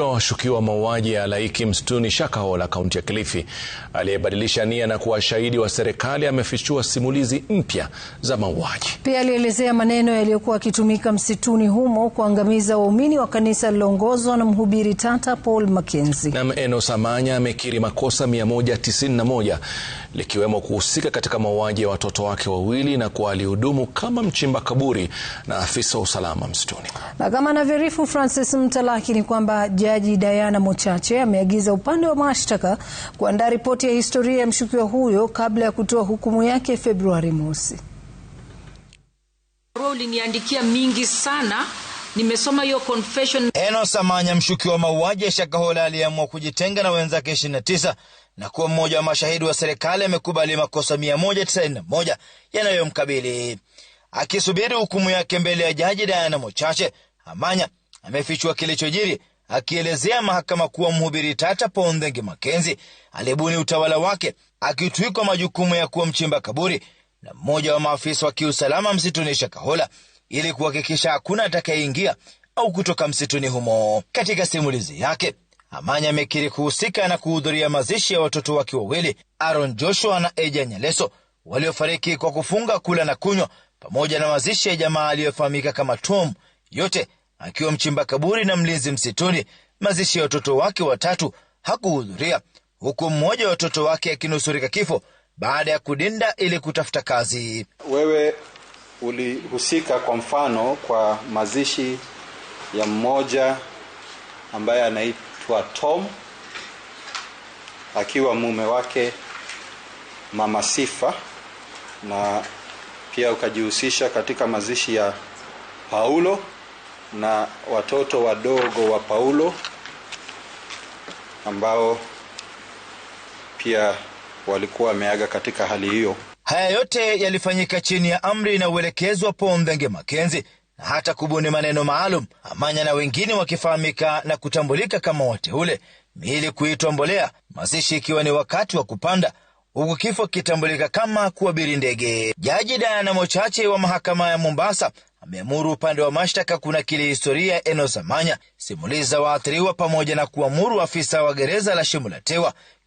huyo washukiwa mauaji ya halaiki msituni Shakahola, kaunti ya Kilifi, aliyebadilisha nia na kuwa shahidi wa serikali amefichua simulizi mpya za mauaji. Pia alielezea maneno yaliyokuwa akitumika msituni humo kuangamiza waumini wa kanisa lililoongozwa na mhubiri tata Paul Mackenzie. Na Enos Samanya amekiri makosa 191 likiwemo kuhusika katika mauaji ya watoto wake wawili na kuwa alihudumu kama mchimba kaburi na afisa wa usalama msituni. Na kama anavyoarifu Francis Mtalaki ni kwamba Jaji Diana Mochache ameagiza upande wa mashtaka kuandaa ripoti ya historia ya mshukiwa huyo kabla ya kutoa hukumu yake Februari mosi. Uliniandikia mingi sana nimesoma hiyo confession. Enos Amanya mshukiwa wa mauaji ya Shakahola aliyeamua kujitenga na wenzake 29 na kuwa mmoja wa mashahidi wa serikali amekubali makosa 191 yanayomkabili. Akisubiri hukumu yake mbele ya jaji Diana Mochache, Amanya amefichwa kilichojiri, akielezea mahakama kuwa mhubiri tata pondhengi makenzi alibuni utawala wake akitwikwa majukumu ya kuwa mchimba kaburi na mmoja wa maafisa wa kiusalama msituni Shakahola ili kuhakikisha hakuna atakayeingia au kutoka msituni humo. Katika simulizi yake Amanya amekiri kuhusika na kuhudhuria mazishi ya watoto wake wawili Aaron Joshua na Eja Nyeleso waliofariki kwa kufunga kula na kunywa, pamoja na mazishi ya jamaa aliyofahamika kama Tom, yote akiwa mchimba kaburi na mlinzi msituni. Mazishi ya watoto wake watatu hakuhudhuria, huku mmoja wa watoto wake akinusurika kifo baada ya kudinda ili kutafuta kazi. Wewe ulihusika kwa mfano kwa mazishi ya mmoja ambaye anaitwa anaitwa Tom akiwa mume wake Mama Sifa, na pia ukajihusisha katika mazishi ya Paulo na watoto wadogo wa Paulo ambao pia walikuwa wameaga katika hali hiyo. Haya yote yalifanyika chini ya amri na uelekezwa Paul Ndenge Makenzi na hata kubuni maneno maalum. Amanya na wengine wakifahamika na kutambulika kama wateule, miili kuitwa mbolea, mazishi ikiwa ni wakati wa kupanda huku kifo kitambulika kama kuabiri ndege. Jaji dayana Mochache wa mahakama ya Mombasa ameamuru upande wa mashtaka kuna kili historia ya simuliza waathiriwa, pamoja na kuamuru afisa wa gereza la Shimulatewa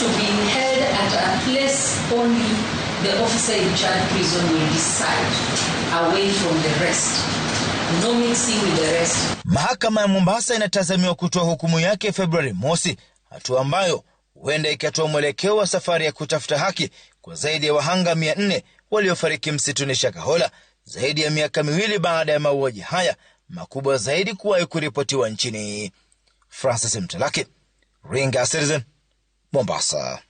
to be held at a place only the officer in charge prison will decide, away from the rest. No mixing with the rest. Mahakama ya Mombasa inatazamiwa kutoa hukumu yake Februari mosi, hatua ambayo huenda ikatoa mwelekeo wa safari ya kutafuta haki kwa zaidi ya wahanga mia nne waliofariki msituni Shakahola zaidi ya miaka miwili baada ya mauaji haya makubwa zaidi kuwahi kuripotiwa nchini. Francis Mtalaki, Ringa Citizen. 蒙巴萨。